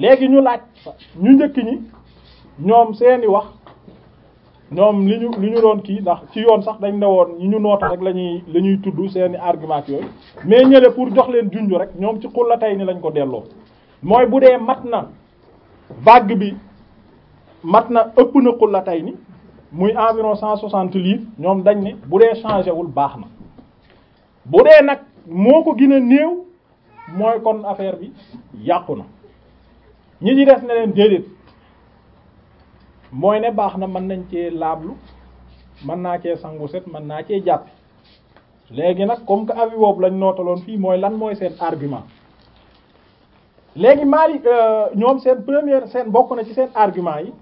léegi ñu laaj ñu njëkk ñi ñoom seeni wax ñoom li ñu li ñu doon kii ndax ci yoon sax dañ ne woon ñi ñu noota rek la ñuy la ñuy tudd seeni argument yooyu mais ñële pour jox leen junj rek ñoom ci xulla tey ni lañ ko delloo mooy bu dee mat na vague bi mat na ëpp na xulla tey ni muy environ cent soixante livres ñoom dañ ne bu dee changé wul baax na bu dee nag moo ko gën néew mooy kon affaire bi yàqu na ñi ñi des ne leen déedéet mooy ne baax na mën nañ cee laablu mën naa cee sangu set mën naa cee jàpp léegi nag comme que avis boobu lañ nootaloon fii mooy lan mooy seen argument léegi maali euh, ñoom seen première seen bokk na ci seen argument yi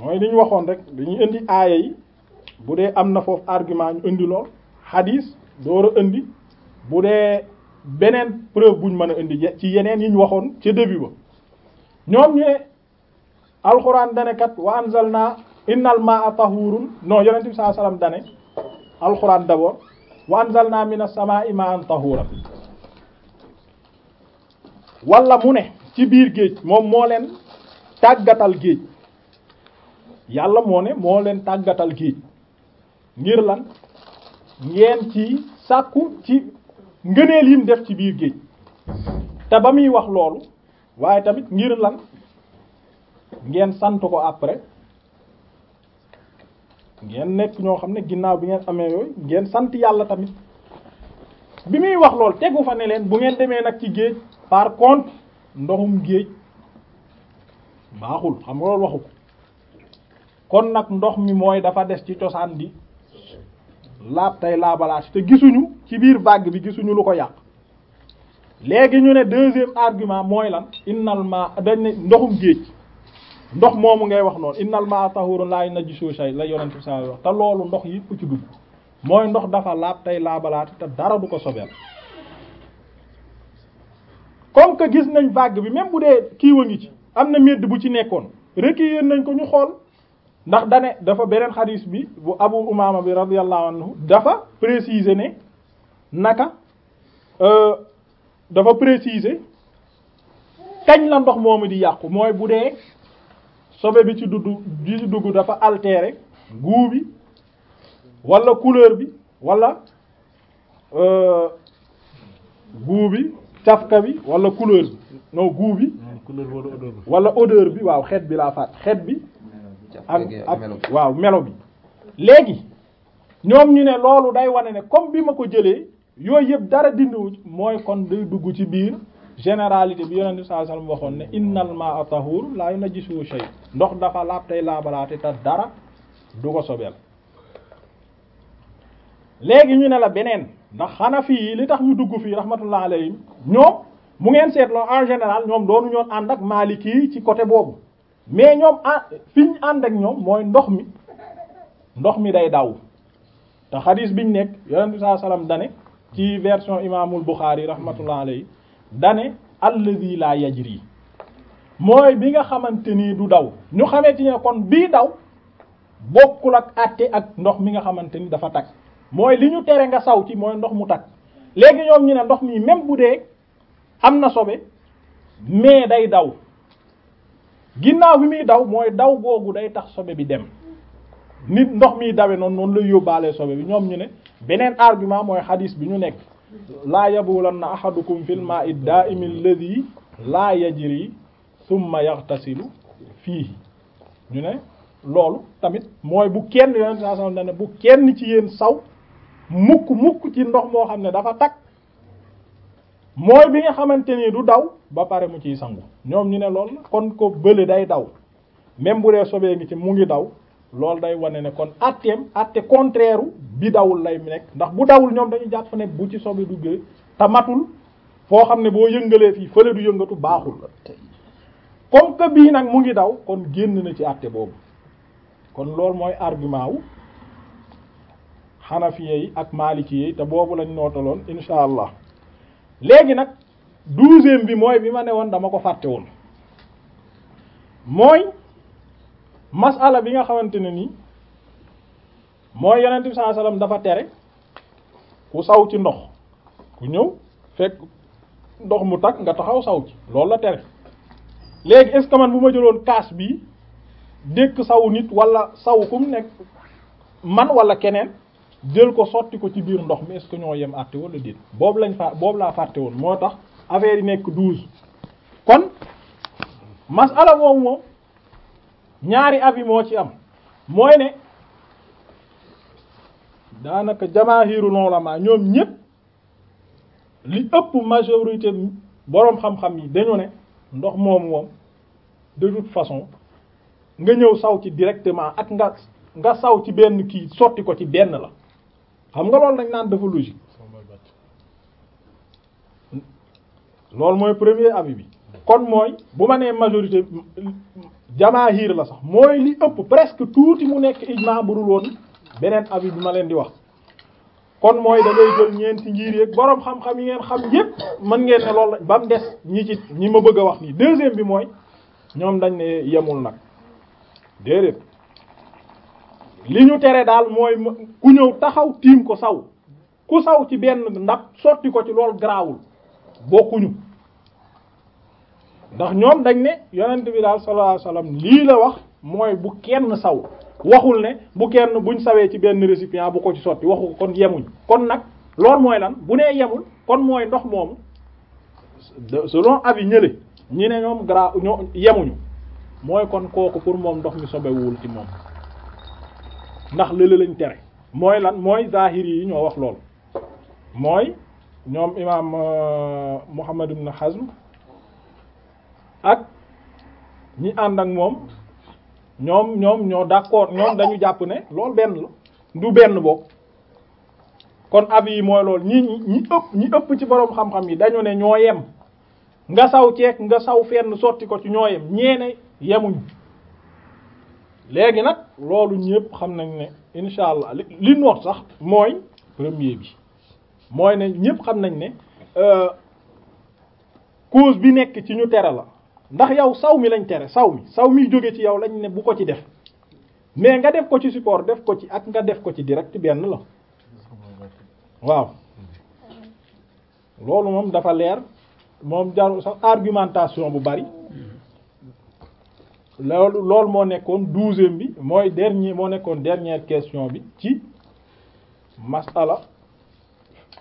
mooy li ñu waxoon rek dañuy indi aaya yi bu dee am na foofu argument ñu indi lool hadis door a indi bu dee beneen preuve buñ mën a indi ci yeneen yi ñu waxoon ca début ba ñoom ñu ne alxuraan dane kat wa anzalna innal ma'a tahurun non yonent bi saa salaam dane alxuraan d'abord wa anzalna minas samaa'i ma'an tahuran wala mu ne ci biir géej moom moo leen tàggatal géej yàlla moo ne moo leen tàggatal géej ngir lan ngeen ci sàkku ci ngëneel yim def ci biir géej te ba muy wax loolu waaye tamit ngir lan ngeen sant ko après ngeen nekk ñoo xam ne ginnaaw bi ngeen amee yooyu ngeen sant yàlla tamit bi muy wax loolu tegu fa ne leen bu ngeen demee nag ci géej par contre ndoxum géej baaxul xam nga loolu waxu ko kon nag ndox mi mooy dafa des ci cosaan di laab tey laabalaat te gisuñu ci biir vague bi gisuñu lu ko yàq léegi ñu ne deuxième argument mooy lan innal ma dañ ne ndoxum géej ndox moomu ngay wax loolu innal ma tahurun la yunajjisu shay la yonent bi sallallahu alayhi te loolu ndox yëpp ci dugg mooy ndox dafa laab tey laabalaati te dara du ko sobeel comme que gis nañ bàgg bi même bu dee kiiwa ngi ci am na medd bu ci nekkoon recueillir nañ ko ñu xool ndax dane dafa beneen xaliis bi bu abu umaama bi radiyallahu anhu dafa préciser ne naka euh, dafa préciser kañ la ndox moomu di yàqu mooy bu dee sobe bi ci dugg bi ci dugg dafa altéré goût bi wala couleur bi wala euh, goût bi cafka bi wala couleur bi non goût hmm, bi wala odeur bi waaw xeet bi laa faat xeet bi ak ak waaw melo bi léegi ñoom ñu ne loolu day wane ne comme bi ma ko jëlee yooyu yëpp dara dindiwu mooy kon day dugg ci biir généralité bi yonent bi sallallahu alayhi wasallam waxoon ne innal ma'a tahur la yunajjisuhu shay ndox dafa laab tey laabalaate te dara du ko sobeel léegi ñu ne la beneen ndax Hanafi fii li tax ñu dugg fii rahmatullah alayhim ñoom mu ngeen seetloo en général ñoom doonu ñoon ànd ak Maliki yi ci côté boobu mais ñoom fi ñu ànd ak ñoom mooy ndox mi ndox mi day daw te xadiis biñ nekk yonent bi sallallahu alayhi wasallam dane ci version imaamul Bukhari rahmatullah alayhi dane alladhi la yajri mooy bi nga xamante ni du daw ñu xamee ci ne kon bii daw bokkul ak àtte ak ndox mi nga xamante ni dafa tag mooy li ñu tere nga saw ci mooy ndox mu tag léegi ñoom ñu ne ndox mii même bu dee am na sobe mais day daw ginnaaw bi muy daw mooy daw googu day tax sobe bi dem nit ndox mii dawe noon noonu lay yóbbaale sobe bi ñoom ñu ne beneen argument mooy xadis bi ñu nekk laa yabulanna ahadukum fil ma'i da'im alladhi laa yajri thumma yaghtasilu fiihi ñu ne loolu tamit mooy bu kenn yonent saa sallam ne bu kenn ci yéen saw mukk mukk ci ndox moo xam ne dafa takk mooy bi nga xamante ni du daw ba pare mu ciy sangu ñoom ñu ne lool la kon ko bële day daw même bu dee sobee ngi ci mu ngi daw loolu day wane ne kon atteem atte contraire bi dawul lay mi nekk ndax bu dawul ñoom dañu jàpp nekk bu ci sobe duggee tamatul matul foo xam ne boo yëngalee fii fële du yëngatu baaxul la comme que bii nag mu ngi daw kon génn na ci atte boobu kon loolu mooy argument wu xanafiye yi ak maliki yi te boobu lañ nootaloon insha allah léegi nag douzième bi mooy bi ma ne woon dama ko fàtte woon mooy masala bi nga xamante ne nii moo yonent bi dafa tere ku saw ci ndox ku ñëw fekk ndox mu takk nga taxaw saw ci loolu la tere léegi est-ce man bu ma jëloon kaas bi dékk saw nit wala saw kum nekk man wala keneen jël ko sotti ko ci biir ndox mi est-ce que ñoo yem àtte wala déet boobu lañ fa boobu laa fàtte woon moo tax affaire yi nekk douze kon masala boobu moom ñaari avis moo ci am mooy ne daanaka jamaahirul ulama ñoom ñépp li ëpp majorité boroom xam-xam yi dañu ne ndox moom moom de toute façon nga ñëw saw ci directement ak nga nga saw ci benn kii sotti ko ci benn la xam nga loolu dañ naan dafa logique loolu mooy premier avis bi kon mooy bu ma nee majorité jamaa jamaahir la sax mooy li ëpp presque tuuti mu nekk ijma budul woon beneen avis bi ma leen di wax kon mooy da ngay jël ñeenti njiir yéeg boroom xam-xam yi ngeen xam yépp mën ngeen ne loolu ba mu des ñi ci ñi ma bëgg a wax nii deuxième bi mooy ñoom dañ ne yemul nag déedéet li ñu tere daal mooy ku ñëw taxaw tiim ko saw ku saw ci benn ndab sotti ko ci loolu garaawul bokkuñu. ndax ñoom dañ ne yonent bi daal sallallahu alayhi lii la wax mooy bu kenn saw waxul ne bu kenn buñ sawee ci benn récipient bu ko ci sotti waxu ko kon yemuñ kon nag loolu mooy lan bu nee yemul kon mooy ndox moomu selon avis ñële ñi ne ñoom gra ñoo yemuñu mooy kon kooku pour moom ndox mi sobewul ci moom ndax lële lañ tere mooy lan mooy zahiri yi ñoo wax loolu mooy ñoom imaam euh, Muhammad ibn Hazm ak ñi ànd ak moom ñoom ñoom ñoo d'accord ñoom dañu jàpp ne loolu benn la du benn bokk kon avis yi mooy loolu ñi ñi ëpp ñi ëpp ci boroom xam-xam yi dañu ne ñoo yem nga saw ceeg nga saw fenn sotti ko ci ñoo yem ñeene yemuñ léegi nag loolu ñëpp xam nañ ne insha allah li noot sax mooy premier bi mooy ne ñëpp xam nañ ne euh, cause bi nekk ci ñu tere la ndax yow saw mi lañ tere saw mi saw mi jóge ci yow lañ ne bu ko ci def mais nga def ko ci support def ko ci ak nga def ko ci direct benn la waaw loolu moom dafa leer moom jaru sax argumentation bu bari loolu loolu moo nekkoon douzième bi mooy dernier moo nekkoon dernière question bi ci masala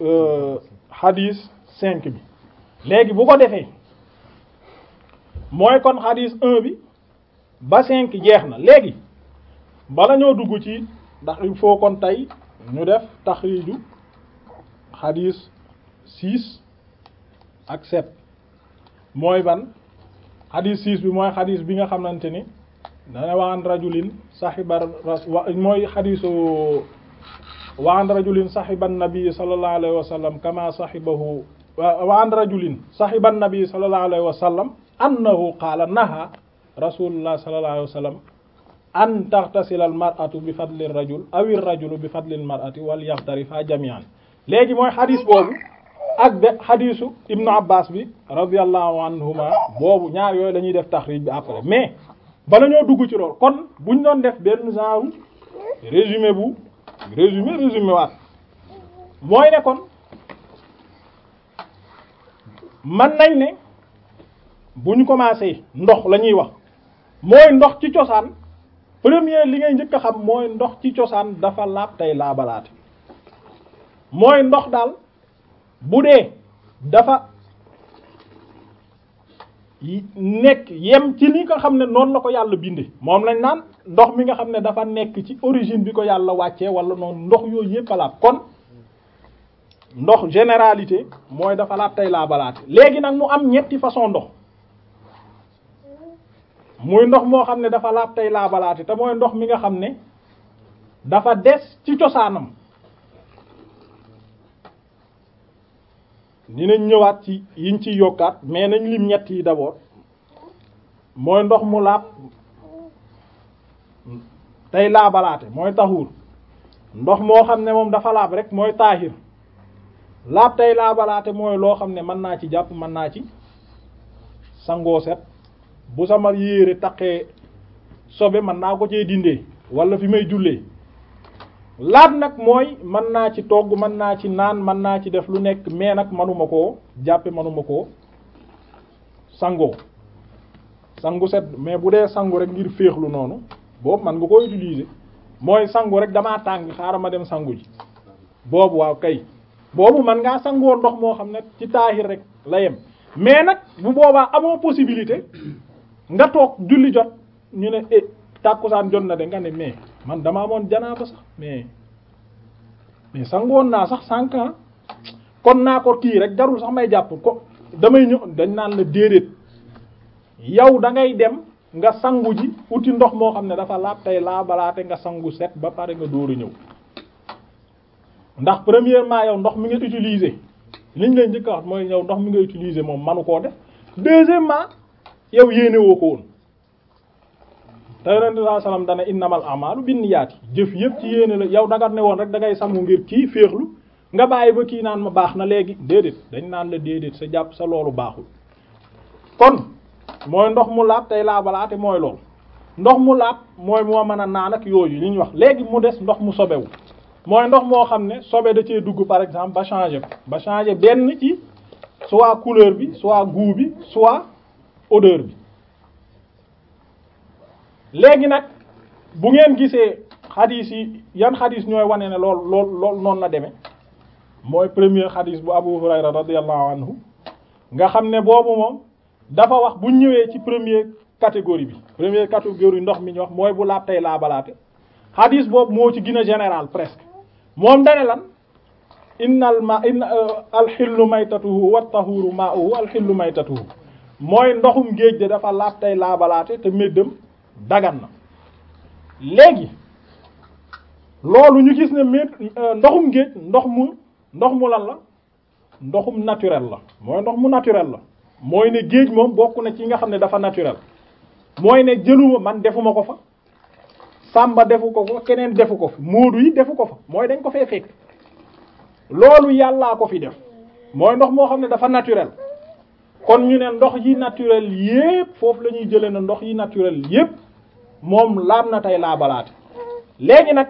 euh, hadis cinq bi léegi bu ko defee mooy kon xadis 1 bi ba 5 jeex na léegi bala ñoo dugg ci ndax il faut kon tey ñu def taxriiju xadis 6 ak 7 mooy ban xadis 6 bi mooy xadis bi nga xamante ni dana waan rajulin saxibar mooy xadisu waan rajulin saxiban nabi sallallahu alayhi wa sallam kama saxibahu waan rajulin saxiban nabi sallallahu alayhi wa sallam annahu qaala naha rasulullah sallallahu alayhi wa sallam an taxtasila al mar'atu bi fadli aw ir rajulu bi fadli al mar'ati wal yaxtarifa jami'an léegi mooy xadis boobu ak de xadisu ibnu abbas bi radiyallahu anhuma boobu ñaar yooyu la def taxrij bi après mais bala ñoo dugg ci lool kon buñ noon def benn genre résumé bu résumé résumé mooy ne kon mën nañ ne bu ñu commencé ndox la ñuy wax mooy ndox ci cosaan premier li ngay njëkk a xam mooy ndox ci cosaan dafa laab tey laabalaate mooy ndox daal bu dee dafa nekk yem ci li nga xam ne noonu la ko yàlla binde moom lañ naan ndox mi nga xam ne dafa nekk ci origine bi ko yàlla wàccee wala noonu ndox yooyu yëpp a laab kon ndox généralité mooy dafa laab tey laabalaate léegi nag mu am ñetti façon ndox muy ndox moo xam ne dafa laab tey laabalaate te mooy ndox mi nga xam ne dafa des ci cosaanam dinañ ñëwaat ci yiñ ciy yokkaat mais nañ lim ñett yi d'abord mooy ndox mu laab tey laabalaate mooy taxuur ndox moo xam ne moom dafa laab rek mooy taahir laab tey laabalaate mooy loo xam ne mën naa ci jàpp mën naa ci sangoo set bu sama yére taqee sobe man naa ko cee dindee wala fi may jullee laab nag mooy mën naa ci togg mën naa ci naan man naa ci def lu nekk mais nag manuma ko jàppe manuma ko sangoo sangu set mais bu dee sangu rek ngir féexlu noonu boobu man nga ko utiliser mooy sangu rek damaa tàng xaaral ma dem sangu ji boobu waaw kay boobu man ngaa sangoo ndox moo xam ne ci taahir rek la yem mais nag bu boobaa amoo possibilité nga toog julli jot ñu ne eh tàkkusaan jot na de nga ne mais man dama amoon janaaba sax mais mais sangoon naa sax sànq ah. kon naa ko kii rek jarul sax may jàpp ko damay ñëw dañ naan la déedéet yow da ngay dem nga sangu ji uti ndox moo xam ne dafa laab tey laa balaate nga sangu set ba pare nga dóoru ñëw ndax premièrement yow ndox mi nga utiliser liñ lay njëkk a wax mooy yow ndox mi nga utiliser moom manu koo def deuxièmement yow yéene woo ko woon te yonent bi saa salaam dana innamal a'maalu binniyaati jëf yëpp ci yéene la yow dagat ne woon rek dangay ngay sangu ngir kii féexlu nga bàyyi ba kii naan ma baax na léegi déedéet dañ naan la déedéet sa jàpp sa loolu baaxul kon mooy ndox mu laab tey balaate mooy lool ndox mu laab mooy moo mën a naan ak yooyu li ñu wax léegi mu des ndox mu sobewu mooy ndox moo xam ne sobe da cee dugg par exemple ba changer ba changer benn ci soit couleur bi soit goût bi soit odeur bi léegi nag bu ngeen gisee xadis yi yan xadis ñooy wane na lool lool noon noonu la demee mooy premier xadis bu Abu Hurayra radiyallahu anhu nga xam ne boobu moom dafa wax bu ñëwee ci premier catégorie bi première catégorie ndox mi ñu wax mooy bu laab tey balaate xadis boobu moo ci gën a général presque moom dane lan inna al ma inna euh, al xillu maytatuhu wa tahuru ma'uhu mooy ndoxum géej de dafa laab tey laabalaate te méddam dagan na léegi loolu ñu gis ne médd euh, ndoxum géej ndox mu ndox mu lan la ndoxum naturel la mooy ndox mu naturel la mooy ne géej moom bokk na ci nga xam ne dafa naturel mooy ne jëluma man defuma ko fa sàmba defu ko fa keneen defu ko fi moodu yi defu ko fa mooy dañ ko fee fekk loolu yàllaa ko fi def mooy ndox moo xam ne dafa naturel kon ñu ne ndox yi naturel yépp foofu la ñuy jëlee na ndox yi naturel yépp moom laab na tey laabalaate léegi nag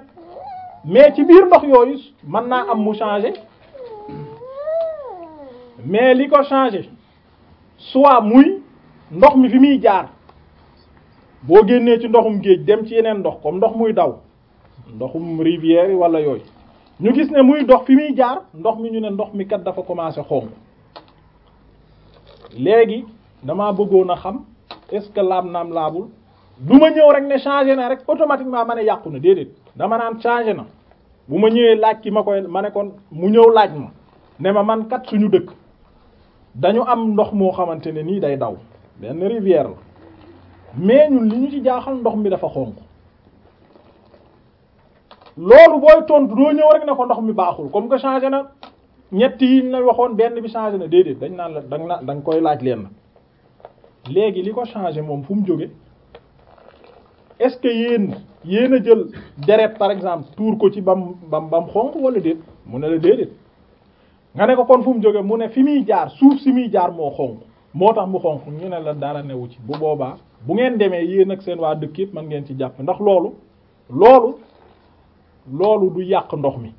mais ci biir ndox yooyu mën naa am mu changer mais li ko changer soit muy ndox mi fi muy jaar boo génnee ci ndoxum géej dem ci yeneen ndox comme ndox muy daw ndoxum rivière wala yooyu ñu gis ne muy dox fi muy jaar ndox mi ñu ne ndox mi kat dafa commencer xonq léegi damaa bëggoon a xam est-ce que laab naam laabul du ma ñëw rek ne changé na rek automatiquement ma ne yàqu na déedéet dama naan changé na bu ma ñëwee laaj ki ma koy ma ne kon mu ñëw laaj ma ne ma man kat suñu dëkk dañu am ndox moo xamante ne nii day daw benn rivière la mais ñun li ñu ci jaaxal ndox mi dafa xonq loolu booy tontu doo ñëw rek ne ko ndox mi baaxul comme que changé na ñetti yi ñu waxoon benn bi changé na déedéet dañ naan la danga naan koy laaj leen na léegi li ko changé moom fu mu jóge est-ce que yéen yéen a jël deret par exemple tuur ko ci bam bam bam xonq wala déet mu ne la déedéet nga ne ko kon fu mu jóge mu ne fi muy jaar suuf si muy jaar moo xonq moo tax mu xonq ñu ne la dara newu ci bu boobaa bu ngeen demee yéen ak seen waa dëkk yëpp mën ngeen ci jàpp ndax loolu loolu loolu du yàq ndox mi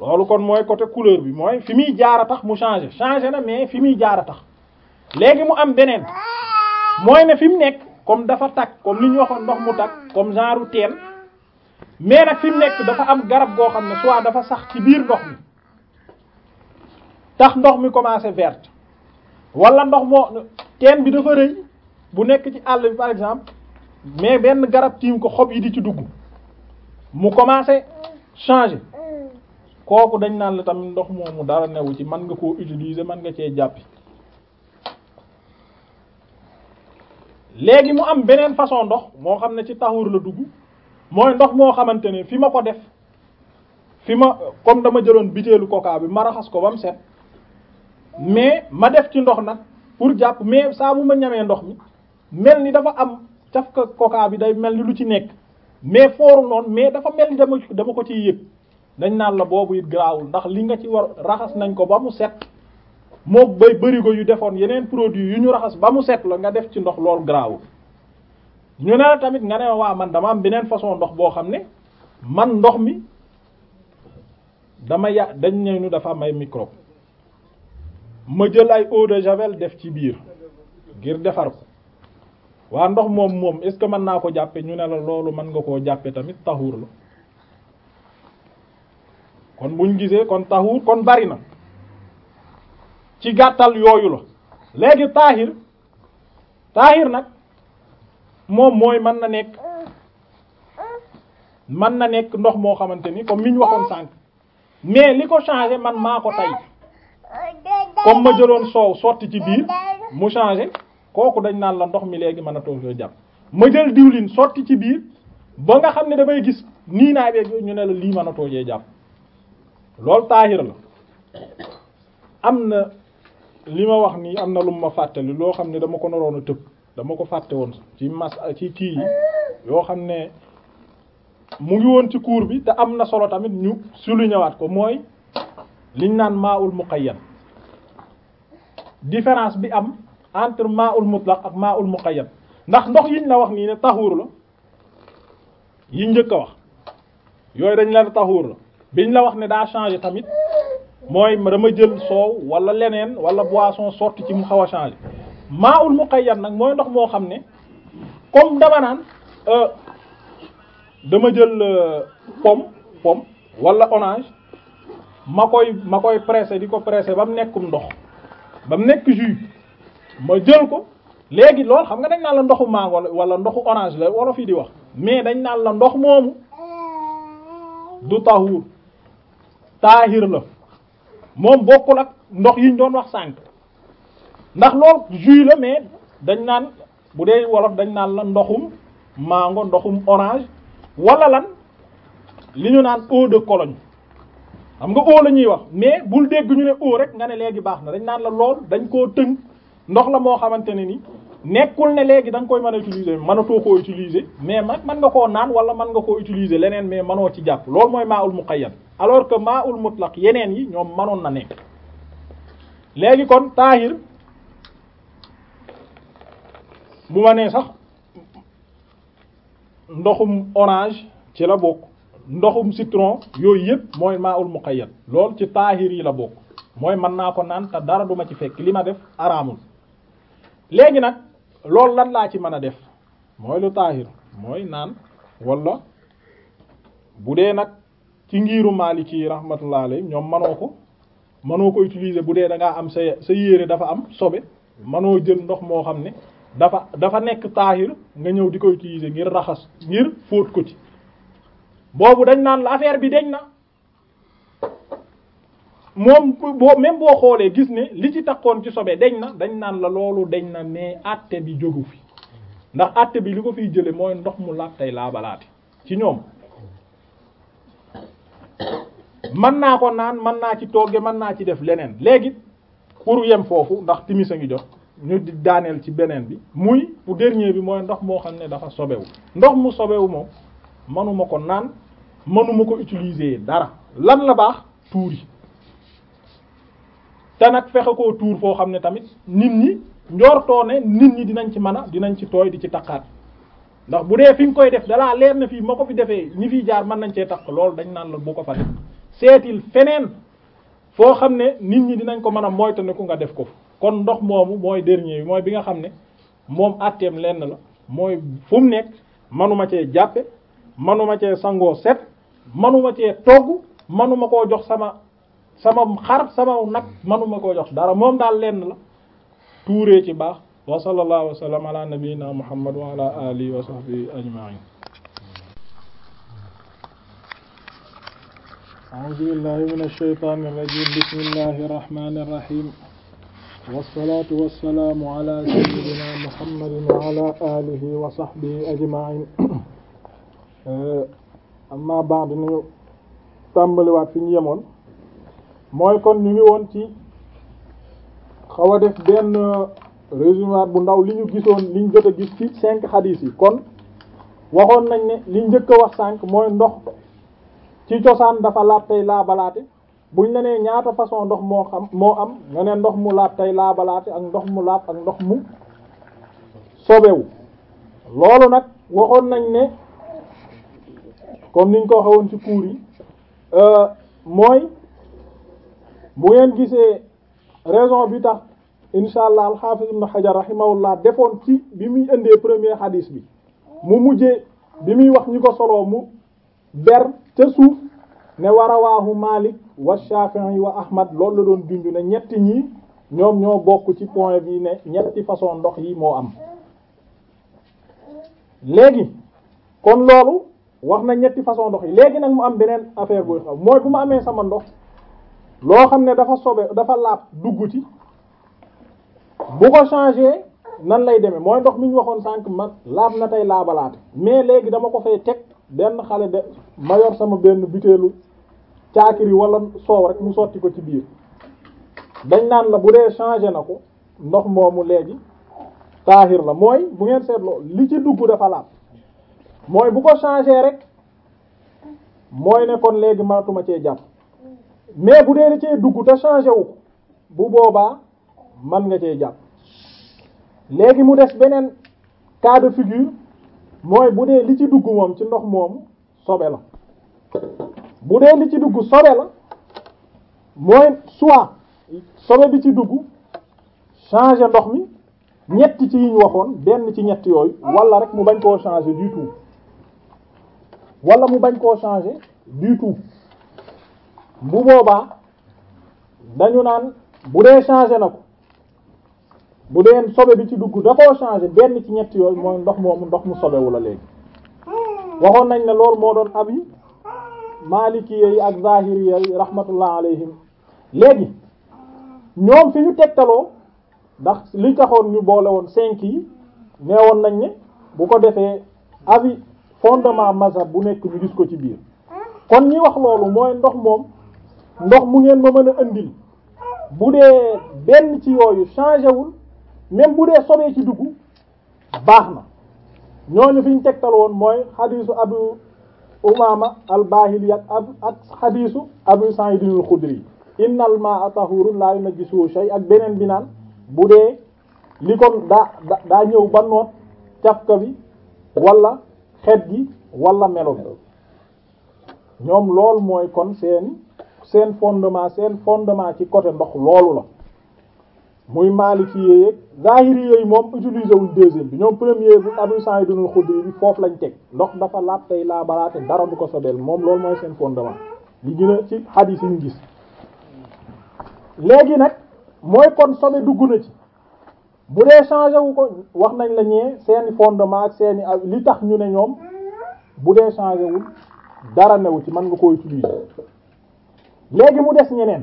loolu kon mooy côté couleur bi mooy fi muy jaar a tax mu changer changer na mais fi muy jaar a tax léegi mu am beneen mooy ne fi mu nekk comme dafa takk comme li ñu waxoon ndox mu takk comme genre teen mais nag fi mu nekk dafa am garab goo xam ne soit dafa sax ci biir ndox tax ndox mi commencé vert wala ndox moo teen bi dafa rëy bu nekk ci àll bi par exemple mais benn garab tiim ko xob yi di ci dugg mu commencé changer kooku dañ naan la tamit ndox moomu dara newu ci man nga koo utiliser mën nga cee jàpp léegi mu am beneen façon ndox moo xam ne ci taxur la dugg mooy ndox moo xamante ne fi ma ko def fi ma comme dama jëloon biteelu coca bi ma raxas ko ba mu set mais ma def ci ndox nag pour jàpp mais saa bu ma ñamee ndox mi mel ni dafa am caf ka coca bi day mel ni lu ci nekk mais fooru noonu mais dafa mel ni dama ko ci yëg dañ naan la boobu it garaawul ndax li nga ci war raxas nañ ko ba mu set mook bay bërigo yu defoon yeneen produit yu ñu raxas ba mu set la nga def ci ndox loolu garaawul ñu ne la tamit nga ne waa man dama am beneen façon ndox boo xam ne man ndox mi dama ya dañ ne ñu dafa may ay microbe ma jël ay eau de javel def ci biir ngir defar ko waa ndox moom moom est-ce que mën naa ko jàppe ñu ne la loolu mën nga koo jàppe tamit taxuur kon buñ gisee kon taxuur kon bari na ci gàttal yooyu la léegi taahir taahir nag moom mooy man na nekk mën na nekk ndox moo xamante ni comme ni ñu waxoon sànq mais li ko changé man maa ko tey comme ma jëloon soow sotti ci biir mu changé kooku dañ naan la ndox mi léegi mën a toog jàpp ma jël diwlin sotti ci biir ba nga xam ne damay gis nii naa beeg ñu ne la lii mën a toojee jàpp loolu taahir la am na li ma wax nii am na lu ma fàttali loo xam ne dama ko naroon a tëb dama ko fàtte woon ci mas ci kii yi yoo xam ne mu ngi woon ci kuur bi te am na solo tamit ñu souligner waat ko mooy liñ naan maa'ul muqayyad différence bi am entre maa'ul mutlaq ak maa'ul muqayyad ndax ndox yiñ la wax nii ne taxuur la yiñ njëkk a wax yooyu dañ leen taxuur la biñ la wax ne daa changé tamit mooy dama jël soow wala leneen wala boisson sorti ci mu xaw a changé maa ul muqayyad nag mooy ndox moo xam ne comme dama naan euh, dama jël pom euh, pom wala orange ma koy ma koy pressé di ko pressé ba mu nekkum ndox ba mu nekk jus ma jël ko léegi lool xam nga dañ naan la ndoxu mango wala ndoxu orange la waro fii di wax mais dañ naan la ndox moomu du taxuur taahir la moom bokkul ak ndox yiñ doon wax sànq ndax lool jus la mais dañ naan bu dee wolof dañ naan la ndoxum mango ndoxum orange wala lan li ñu naan eau de Cologne xam nga eau la ñuy wax mais bul dégg ñu ne eau rek nga ne léegi baax na dañ naan la lool dañ koo tënk ndox la moo xamante ne ni nekkul ne léegi da koy mën a utiliser mënatoo koo utiliser mais man mën nga koo naan wala mën nga koo utiliser leneen mais mënoo ci jàpp lool mooy maa ul muqayyad alors que maa ul mutlaq yeneen yi ñoom manoon na nekk léegi kon taahir bu ma nee sax ndoxum orange ci la bokk ndoxum citron yooyu yëpp mooy maa ul muqayyad lool ci taahir yi la bokk mooy mën naa ko naan te dara duma ci fekk li ma def araamul léegi nag loolu lan laa ci mën a def mooy lu taahir mooy naan wala bu dee nag ci ngiiru maali ci rahmatullah alayhi ñoom manoo ko manoo ko utiliser bu dee dangaa am sa sa yére dafa am sobe manoo jël ndox moo xam ne dafa dafa nekk taahir nga ñëw di ko utiliser ngir raxas ngir fóot ko ci boobu dañ naan la affaire bi deñ na moom boo même boo xoolee gis ne li ci takkoon ci sobe deñ na dañ naan la loolu deñ na ne àtte bi jógu fi ndax àtte bi li ko fiy jële mooy ndox mu laab tey laabalaate ci ñoom man naa ko naan man naa ci togge man naa ci def leneen léegi pour yem foofu ndax timis a ngi jot ñu di daaneel ci beneen bi muy bu dernier bi mooy ndox moo xam ne dafa sobewu ndox mu sobewu moom manuma ko naan manuma ko utiliser dara lan la baax tuuri te nag fexe koo tuur foo xam ne tamit nit ñi njortoo ne nit ñi dinañ ci mën a dinañ ci tooy di ci takkaat ndax bu dee fi nga koy def dalaa leen na fii ma ko fi defee ñi fiy jaar mën nañ cee takk loolu dañ naan la bu ko fa seetil feneen foo xam ne nit ñi dinañ ko mën a moytandiku nga def ko kon ndox moomu mooy dernier bi mooy bi nga xam ne moom àtteem lenn la mooy fu mu nekk manuma cee jàppe manuma cee sangoo set manuma cee togg manuma koo jox sama sama xar sama nag manuma koo jox dara moom daal lenn la tuuree ci baax wa sallallahu wa sallam ala nabiyyina muhammad wa ala alihi wa sahbihi ajma'in a بالله من الشيطان الرجيم بسم الله الرحمن الرحيم والصلاة والسلام على سيدنا محمد وعلى آله وصحبه أجمعين amma ba'd ñu tàmbaliwaat fi ñu yemoon mooy kon ñu ngi woon ci xaw a def benn résumé bu ndaw li ñu gisoon li ñu jot a gis ci cinq xadiis yi kon waxoon nañ ne li njëkk a wax sànq mooy ndox ci cosaan dafa laat tey laabalaate buñ la nee ñaata façon ndox moo xam moo am nga ne ndox mu laat tey laabalaate ak ndox mu laab ak ndox mu sobewu loolu nag waxoon nañ ne kon niñ ko waxewoon ci cours yi euh, mooy bu ngeen gisee raison bi tax insha allah alxaafis ibn xajar rahimahullah defoon ci bi muy indee premier hadis bi mu mujjee bi muy wax ñi ko soloo mu ber ca suuf ne wa rawaahu Malik wa Shafi'i wa Ahmad loolu la doon junj ne ñetti ñi ñoom ñoo bokk ci point bi ne ñetti façon ndox yi moo am léegi kon loolu wax na ñetti façon ndox yi léegi nag mu am beneen affaire booy xaw mooy bu ma amee sama ndox loo xam ne dafa sobe dafa laab dugg ci bu ko changé nan lay demee mooy ndox mi ñu waxoon sànq mag laab na tey laabalaate mais léegi dama ko fay teg benn xale de ma sama benn butéelu caakiri wala soow rek mu sotti ko ci biir dañ naan la bu dee changé na ko ndox moomu léegi taahir la mooy bu ngeen seetloo li ci dugg dafa laab mooy bu ko changé rek mooy ne kon léegi maatuma cee jàpp mais bu dee da cee dugg te changé wu bu boobaa man nga cee jàpp léegi mu des beneen cas de figure mooy bu dee li ci dugg moom ci ndox moomu sobe la bu dee li ci duggu sobe la mooy soit sobe bi ci dugg changer ndox mi ñetti ci yi waxoon benn ci ñetti yooyu wala rek mu bañ koo changer du tout wala mu bañ koo changer du tout bu boobaa dañu naan bu dee changer na ko bu deen sobe bi ci dugg da koo changé benn ci ñett yooyu mooy ndox moomu ndox mu sobewu la léegi waxoon nañ ne loolu moo doon abi yi maalikiya yi ak zahiriya yi rahmatullah alayhim léegi ñoom fi ñu tegtaloo ndax li taxoon ñu boole woon cinq yi neewoon nañ ne bu ko defee abi fondement mazhab bu nekk ñu gis ko ci biir kon ñuy wax loolu mooy ndox moom ndox mu ngeen ma mën a indil bu dee benn ci yooyu changé wul même bu dee sobee ci dugg baax na ñooñu fi ñu tegtal woon mooy xadiisu abu umaama al-baahili ak ab ak xadiisu abu sa'id al-xudri innal maa'a tahuurun laa yunajjisuhu shay ak beneen bi naan bu dee li kon daa daa ñëw ba noot cafka bi wala xet gi wala melo bi ñoom lool mooy kon seen seen fondement seen fondement ci côté ndox loolu la muy maaliki yeeg zahiri yooyu moom utilisé wuñ deuxième bi ñoom premier bu Abu Sa'id al-Khudri bi foofu lañ teg ndox dafa laab tey laa balaate dara du ko sobeel moom loolu mooy seen fondement li gën a ci hadith yi ñu gis léegi nag mooy kon sobe dugg na ci bu dee changé wu ko wax nañ la ñee seeni fondement ak seeni li tax ñu ne ñoom bu dee changé wul dara newu ci mën nga ko utiliser léegi mu des ñeneen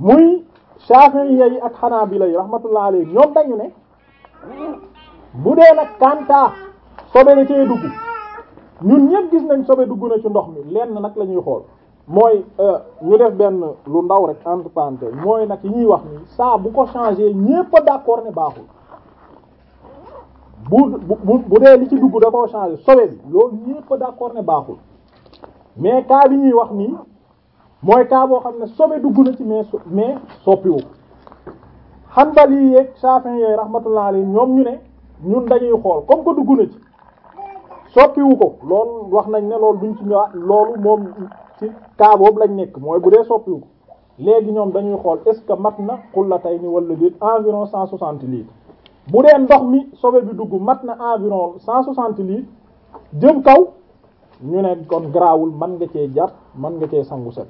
muy Shafi'iyya yi ak bila yi rahmatullah alayhi ñoom dañu ne bu dee nag kanta sobe na cee dugg ñun ñëpp gis nañ sobe dugg na ci ndox mi lenn nag la ñuy xool mooy euh, ñu def benn lu ndaw rek entre parenthèses mooy nag yi ñuy wax ni saa bu ko changer ñépp a d'accord ne baaxul bu bu bu dee li ci dugg da koo changer sobe bi loolu ñépp a d'accord ne baaxul mais cas bi ñuy wax nii mooy cas xam ne sobe dugg na ci mais mais soppiwu Hanbali yeeg Shafi'i yeeg rahmatullah alayhi ñoom ñu ne ñun dañuy xool comme que dugg na ci soppiwu ko loolu wax nañ ne loolu duñ ci ñëwaat loolu moom ci cas boobu lañ nekk mooy bu dee soppiwu ko léegi ñoom dañuy xool est-ce que la tey xullatayni wala déet environ cent soixante litres bu dee ndox mi sobe bi dugg mat na environ cent soixante litres jëm kaw ñu ne kon garaawul mën nga cee jar mën nga cee sangu set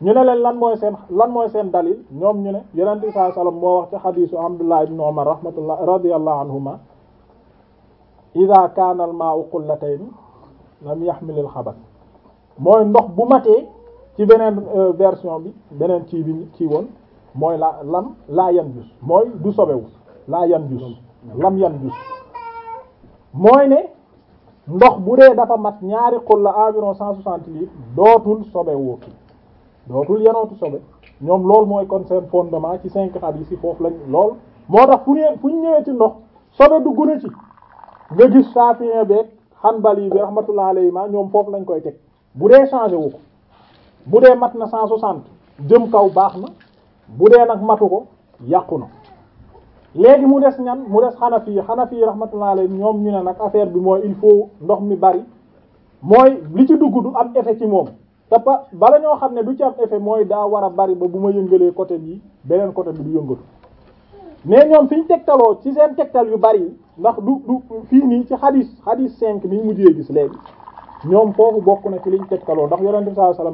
ñu ne leen lan mooy seen lan mooy seen dalil ñoom ñu ne yonent bi sallallahu alayhi moo wax ci xadiisu Abdullah ibn Umar rahmatullah radiyallahu anhuma ida kaana al maa'u qullatayn lam yaxmil al xabat mooy ndox bu matee ci beneen euh, version bi beneen kii bi kii mooy la lam laa yan jus mooy du sobewu laa yan jus lam mooy ne ndox bu dee dafa mat ñaari xulla environ cent soixante litres dootul sobewu dootul yanootu sobe ñoom loolu mooy kon seen fondement ci cinq hadith yi foofu lañ lool moo tax fu ñu fu ñu ñëwee ci ndox sobe dugg na ci nga gis Shafi'i beek Hanbali bi rahmatullah alayhi ma ñoom foofu lañ koy teg bu dee changé wu ko bu dee mat na cent soixante jëm kaw baax na bu dee nag matu ko yàqu na léegi mu des ñan mu des Hanafi yi Hanafi yi rahmatullah alayhi ñoom ñu ne nag affaire bi mooy il faut ndox mi bari mooy li ci dugg du am effet ci moom te pa bala ñoo xam ne du ci f mooy daa war a bari ba bu ma yëngalee côté bi beneen côté bi du yëngatu mais ñoom fi ñu tegtaloo ci seen tegtal yu bari ndax du du fii nii ci xadis xadis cinq ni mujjee gis léegi ñoom foofu bokk na ci liñ tegtaloo ndax yonent bi sallallahu alayhi wasallam